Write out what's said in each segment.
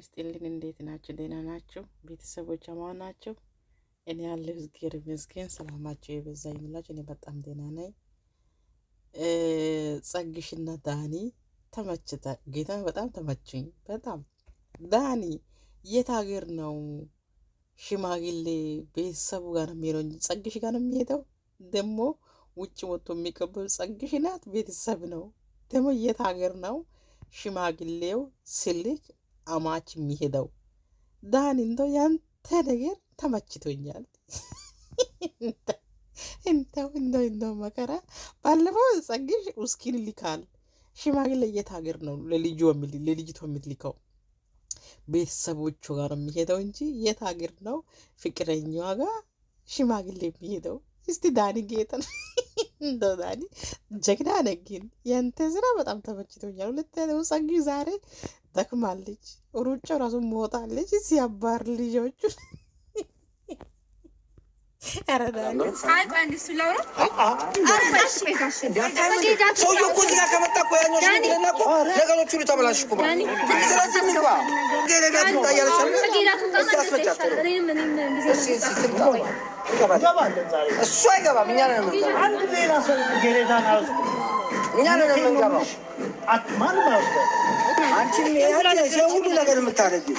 ይስጥልን። እንዴት ናችሁ? ደህና ናችሁ? ቤተሰቦች አማን ናቸው? እኔ ያለ እግዜር ይመስገን። ሰላማችሁ የበዛ ይምላችሁ። እኔ በጣም ደህና ነኝ። ጸግሽና ዳኒ ተመችታ ጌታ በጣም ተመችኝ። በጣም ዳኒ የት ሀገር ነው? ሽማግሌ ቤተሰቡ ጋር ነው የሚሄደው እንጂ ጸግሽ ጋር ነው የሚሄደው። ደግሞ ውጭ ወጥቶ የሚቀበሉ ጸግሽ ናት ቤተሰብ ነው። ደግሞ የት ሀገር ነው? ሽማግሌው ስልክ አማች የሚሄደው ዳን እንደ ያንተ ነገር ተመችቶኛል። እንተው እንደው እንደው መከራ ባለፈው ጸግሽ ውስኪን ይልካል። ሽማግሌ የት ሀገር ነው ለልጁ ለልጅቶ የምትልከው? ቤተሰቦቹ ጋር የሚሄደው እንጂ የት ሀገር ነው ፍቅረኛዋ ጋር ሽማግሌ የሚሄደው? እስቲ ዳኒ ጌጠን እንደው ዳኒ ጀግና ነግን፣ የንተ ስራ በጣም ተመችቶኛል። ሁለት ጸግሽ ዛሬ ትጠቅማለች። ሩጫው ራሱ መወጣለች። ሲያባር ልጆቹ ነገሮች ሁሉ ተበላሽ። እሱ አይገባም። እኛ ነን የምንገባው። አንቺ ሁሉ ነገር የምታደርጊው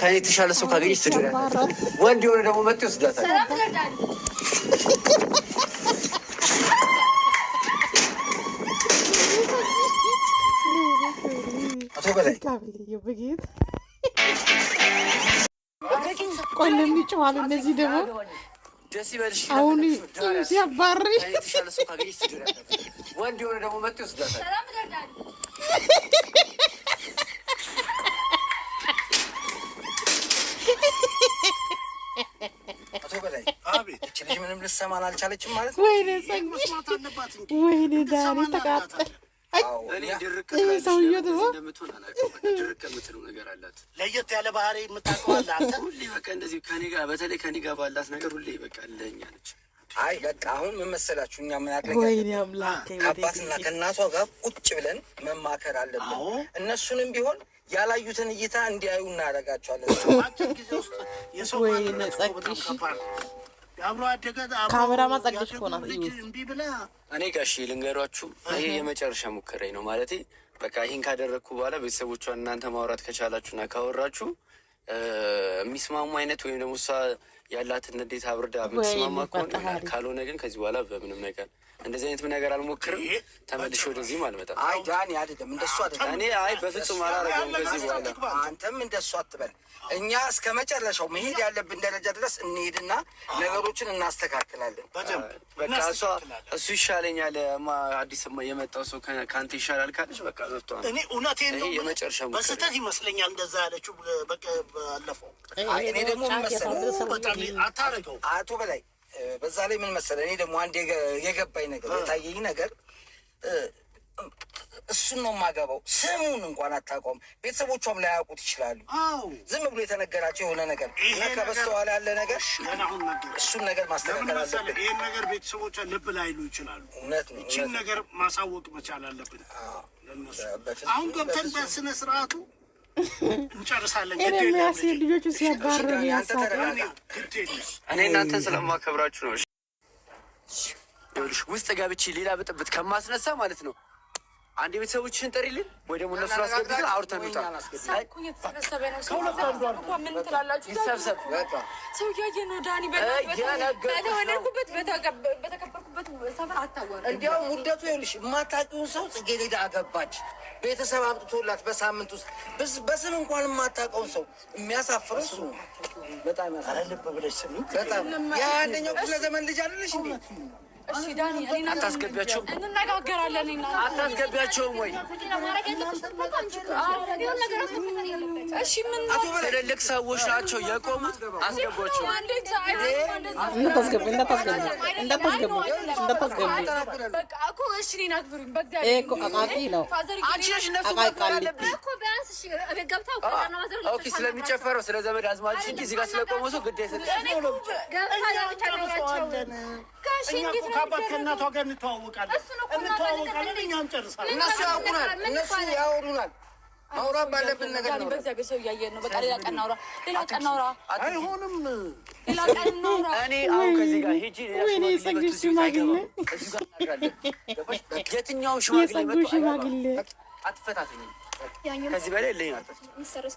ከኔ የተሻለ ሰው ካገኘች ትድናለች። ወንድ የሆነ ደግሞ መጥቶ ይወስዳታል። አቶ በላይ ቆይ ለሚጮኋሉ እነዚህ ደግሞ አሁን ሲያባሪ ወንድ የሆነ ደግሞ መጥቶ ይወስዳታል። ልሰማን አልቻለችም ማለት ነው። ወይኔ ወይኔ ዳኒ ተቃጠል። ሰውዬ ለየት ያለ ባህሪ የምታውቀው አለ በተለይ ከኔ ጋር ባላት ነገር ሁሌ በቃ ለኛለች። አይ በቃ አሁን ምን መሰላችሁ፣ እኛ ምን ምናቅለ ከአባትና ከእናቷ ጋር ቁጭ ብለን መማከር አለብን። እነሱንም ቢሆን ያላዩትን እይታ እንዲያዩ እናደርጋቸዋለን። ካሜራማ ጸግሽ ሆናት እኔ ጋሽ ልንገሯችሁ፣ ይሄ የመጨረሻ ሙከራዬ ነው ማለት በቃ ይህን ካደረግኩ በኋላ ቤተሰቦቿ እናንተ ማውራት ከቻላችሁና ካወራችሁ የሚስማሙ አይነት ወይም ደግሞ እሷ ያላትን ንዴት አብርዳ የምትስማማ ከሆነ ካልሆነ ግን ከዚህ በኋላ በምንም ነገር እንደዚህ አይነት ነገር አልሞክርም፣ ተመልሼ ወደዚህም አልመጣም። አይ ዳኒ አይደለም እንደሱ አይደለም። እኔ አይ በፍጹም አላረገውም። ከዚህ በኋላ አንተም እንደሱ አትበል። እኛ እስከ መጨረሻው መሄድ ያለብን ደረጃ ድረስ እንሄድና ነገሮችን እናስተካክላለን። በቃ እሷ እሱ ይሻለኛል አዲስ የመጣው ሰው ከአንተ ይሻላል ካለች በቃ ዘብቷል። እኔ እውነቴን ነው የመጨረሻ በስህተት ይመስለኛል እንደዛ ያለችው ባለፈው። እኔ ደግሞ መሰለህ በጣም አታረገው አቶ በላይ። በዛ ላይ ምን መሰለህ፣ እኔ ደግሞ አንድ የገባኝ ነገር የታየኝ ነገር እሱን ነው የማገባው። ስሙን እንኳን አታውቀውም፣ ቤተሰቦቿም ላያውቁት ይችላሉ። ዝም ብሎ የተነገራቸው የሆነ ነገር እና ከበስተኋላ ያለ ነገር እሱን ነገር ማስተካከል አለብን። ይህን ነገር ቤተሰቦቿ ልብ ላይሉ ይችላሉ። እውነት ነው። ይችን ነገር ማሳወቅ መቻል አለብን። አሁን ገብተን በስነ ስርዓቱ እንጨርሳለን። ልጆቹ ሲያባረ ያሳቀል። እኔ እናንተን ስለማከብራችሁ ነው። ውስጥ ገብቼ ሌላ ብጥብጥ ከማስነሳ ማለት ነው አንድ ቤተሰቦችሽን ጠሪልን ወይ ደግሞ እነሱ አስገብተን አውርተን ሰው እያየ ነው ዳኒ። በተከበርኩበት ሰፈር አታዋሪ። እንዲያውም ውልደቱ ይኸውልሽ፣ የማታውቂውን ሰው ጽጌሌዳ አገባች። ቤተሰብ አምጥቶላት በሳምንት ውስጥ በስም እንኳን የማታውቀውን ሰው የሚያሳፍር እሱ በጣም ያሳልብ ብለሽ ስሚ። በጣም ያ አንደኛው ክፍለ ዘመን ልጅ አይደለሽ እንዴ? አታስገቢያቸውም? እንነጋገራለን። አታስገቢያቸውም ወይ? እሺ፣ ምን ትልልቅ ሰዎች ናቸው የቆሙት። አስገቧቸው። ስለሚጨፈረው ስለ ዘመድ አዝማች እንጂ እዚህ ጋ ስለቆመ ሰው ግድ ከአባት ከእናቷ ጋር እንተዋወቃለን እንተዋወቃለን፣ እኛም ጨርሳለን። እነሱ ያውቁናል፣ እነሱ ያወሩናል። ማውራት ባለብን ነገር ነው። በእግዚአብሔር ሰው እያየን ነው። በቃ ሌላ ቀን እናውራ፣ ሌላ ቀን እናውራ። አይሆንም፣ ሌላ ቀን እናውራ። እኔ አሁን ከዚህ ጋር ሂጂ። ወይኔ የጸጉ ሽማግሌ፣ የትኛውም ሽማግሌ አትፈታትኝ። ከዚህ በላይ ለኝ ሰርሽ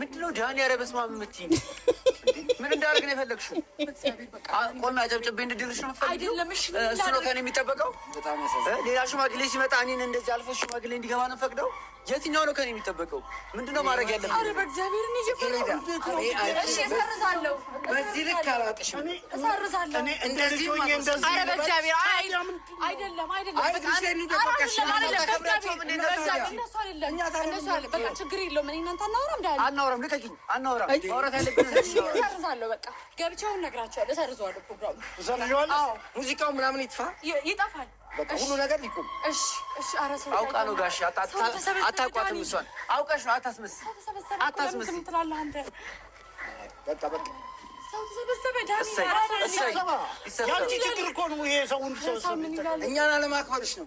ምንድነው ጃኒ? ኧረ በስመ አብ የምትይኝ ምን እንዳደርግ ነው የፈለግሽው? ቆሜ አጨብጭቤ እንድድርሽ እሱ ነው ከእኔ የሚጠበቀው። ሌላ ሽማግሌ ሲመጣ እኔን እንደዚህ አልፎ ሽማግሌ እንዲገባ ነው ፈቅደው የትኛው ነው ከኔ የሚጠበቀው? ምንድነው ማድረግ ያለብህ? በእግዚአብሔር እኔ አይደለም፣ አይደለም። ሙዚቃው ምናምን ይጥፋ፣ ይጠፋል ሁሉ ነገር ይቁም። እሺ፣ እሺ። አውቃ ነው ጋሽ፣ አታውቋትም። እሷን አውቀሽ ነው። አታስመስል፣ አታስመስል። እኛን አለማክበርሽ ነው።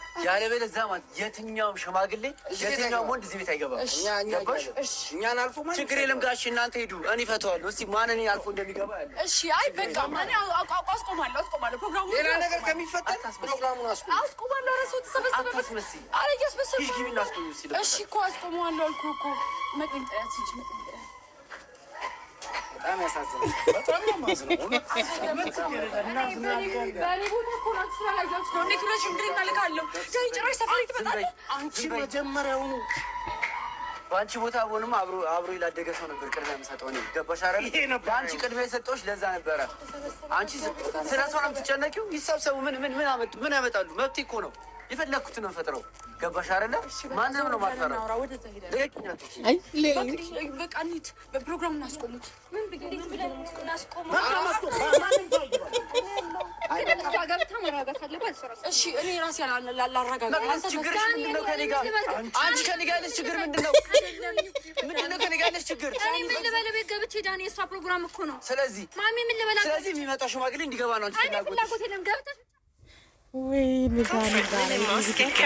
ያለበለዚያ ማለት የትኛውም ሽማግሌ የትኛውም ወንድ እዚህ ቤት አይገባም። እኛን አልፎ ችግር የለም ጋሽ እናንተ ሄዱ፣ እኔ እፈተዋለሁ። እስኪ ማን እኔ አልፎ እንደሚገባ ያለ። እሺ፣ አይ በቃ ማን አስቆማለሁ፣ አስቆማለሁ። ፕሮግራሙን ሌላ ነገር ከሚፈጠር ፕሮግራሙን አስቆማለሁ። እራሱ ተሰበሰበ አታስመስይ። ኧረ እያስመሰልኩ እሺ እኮ አስቆመዋለሁ አልኩህ እኮ መቅደም ጥያት ሲጅ መቅደም በጣም ያሳዝናል። በጣም መጀመሪያውኑ በአንቺ ቦታ ሆኖም አብሮ ይላደገ ሰው ነበር ቅድሚያ የምሰጠው እኔ። ገባሽ አይደል? በአንቺ ቅድሚያ የሰጠሁሽ ለዛ ነበረ። አንቺ ስለ ሰው ነው የምትጨነቂው። ይሰብሰቡ ምን ምን ምን ያመጣሉ? መብቴ እኮ ነው የፈለግኩትን ፈጥረው ገባሽ አይደለ? ማንም ነው ማፈራ። በፕሮግራም እናስቆሙት። ምን ፕሮግራም እኮ ነው። ስለዚህ ምን ስለዚህ የሚመጣው ሽማግሌ እንዲገባ ነው። Oui, le mesdames.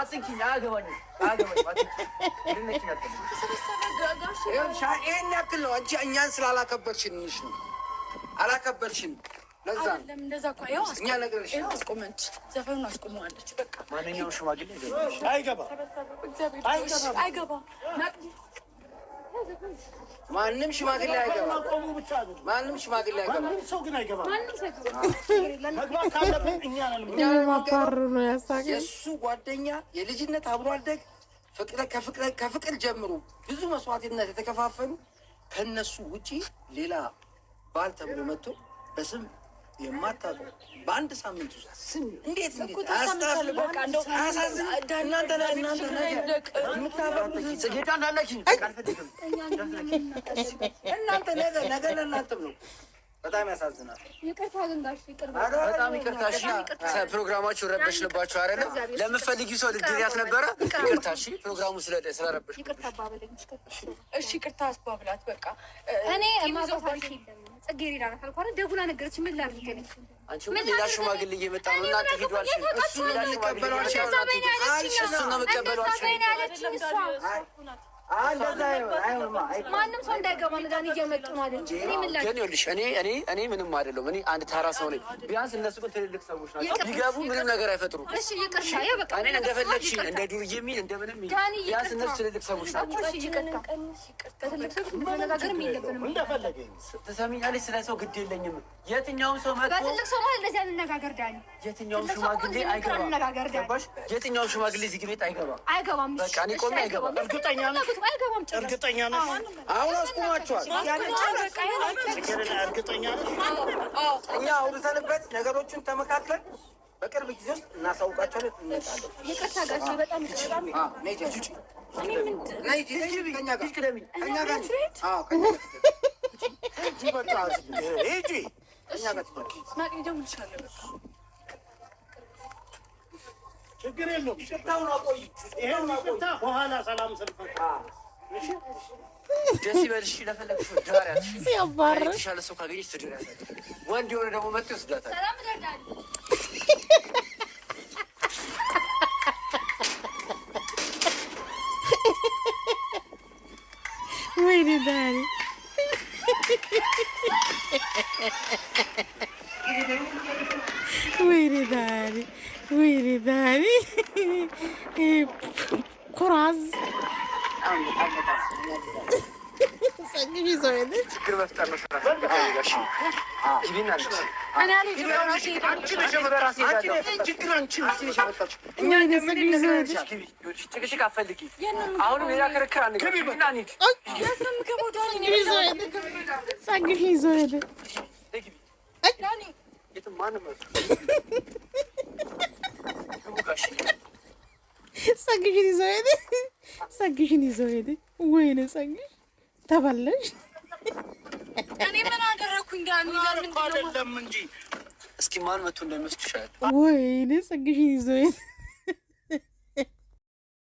አትንኪኝ፣ አያገባኝም፣ አያገባኝም። ያክል ነው እንጂ እኛን ስላላከበርሽንሽ ነው። አላከበርሽን ለዛ እኛ ነገርሽ አስቆመዋለች። በቃ ማንም ሽማግሌ አይገባም። ማንም ሽማግሌ አይገባም። ማንም ሰው ግን አይገባም። የእሱ ጓደኛ የልጅነት አብሮ አደግ ከፍቅር ጀምሮ ብዙ መስዋዕትነት የተከፋፈሉ ከነሱ ውጪ ሌላ ባል ተብሎ መጥቶ በስም የማታውቀው በአንድ ሳምንት ውስጥ እንዴት እንዴት እናንተ ነው። በጣም ያሳዝናል። ፕሮግራማችሁ ረበሽንባችሁ አይደለ? ሰው ነበረ። ይቅርታ ፕሮግራሙ ስለረበሽ ይቅርታ በቃ እኔ ጽጌረዳ ናት አልኳት። ደውላ ነገረች። ምን ላድርግ ሌላ ሽማግሌ እየመጣ ነው እና እሱ ነው የምትቀበሏቸው ማንም ሰው እንዳይገባ ንጋን እየመጡ ነው አለ ይኸውልሽ፣ እኔ እኔ እኔ ምንም አይደለሁም። እኔ አንድ ተራ ሰው ነኝ። ቢያንስ እነሱ ግን ትልልቅ ሰዎች ናቸው። ቢገቡ ምንም ነገር አይፈጥሩም። እሺ ይቅርታ፣ በቃ እኔን እንደፈለግሽ እንደ ዱርዬ የሚል እንደምንም ቢያንስ እነሱ ትልልቅ ሰዎች ናቸው። ትሰሚኛለሽ? ስለ ሰው ግድ የለኝም። የትኛውም ሰው መጥቶ በትልቅ ሰው ማለት እንደዚህ አንነጋገር ዳኒ። የትኛውም ሽማግሌ አይገባም። የትኛውም ሽማግሌ እዚህ ቤት አይገባም፣ አይገባም። በቃ እኔ ቆሜ አይገባም። እርግጠኛ ነሽ? እርግጠኛ ነሽ? አሁን አስቁማችኋል። እኛ አውርተንበት ነገሮችን ተመካክለን በቅርብ ጊዜ ውስጥ እናሳውቃቸዋለን። እንመጣለን ችግር የለውም። ሽታውን አቆይ። ይሄን ሽታ በኋላ ሰላም ስልፈት ደስ ይበልሽ። ለፈለግሽ የተሻለ ሰው ካገኘሽ ትድሪያለሽ። ወንድ የሆነ ደግሞ መጥቶ ይወስዳታል። ወይኔ ዳሪ ወይኔ ዳሪ Buyurun. Ee, Koraz. Sen gibi söyledin. Kırbaçlar mesela. Ben de kardeşim. Kimin annesi? Anneanne gibi ben şey yapayım. Ançı da şamı verası yeter. Ançı da şamı verası yeter. Ançı da şamı verası yeter. Ne nasıl güzeldi. Çıkı çık affedin ki. Ağır bir yakara kırandı. Kimi bak. Anne. Gözüm mü kapı dönüyor. Gibi söyledi. Sen gibi söyledi. Ne gibi? Ay. Yani. Yetim manımız. ጸግሽን ይዞ ሄደ። ጸግሽን ይዞ ሄደ። ወይኔ ጸግሽ ተበላሽ። እኔ ምን አደረግኩኝ? ጋሚ አይደለም እንጂ እስኪ ማን መቶ እንደሚወስድሻል። ወይኔ ጸግሽን ይዞ ሄደ።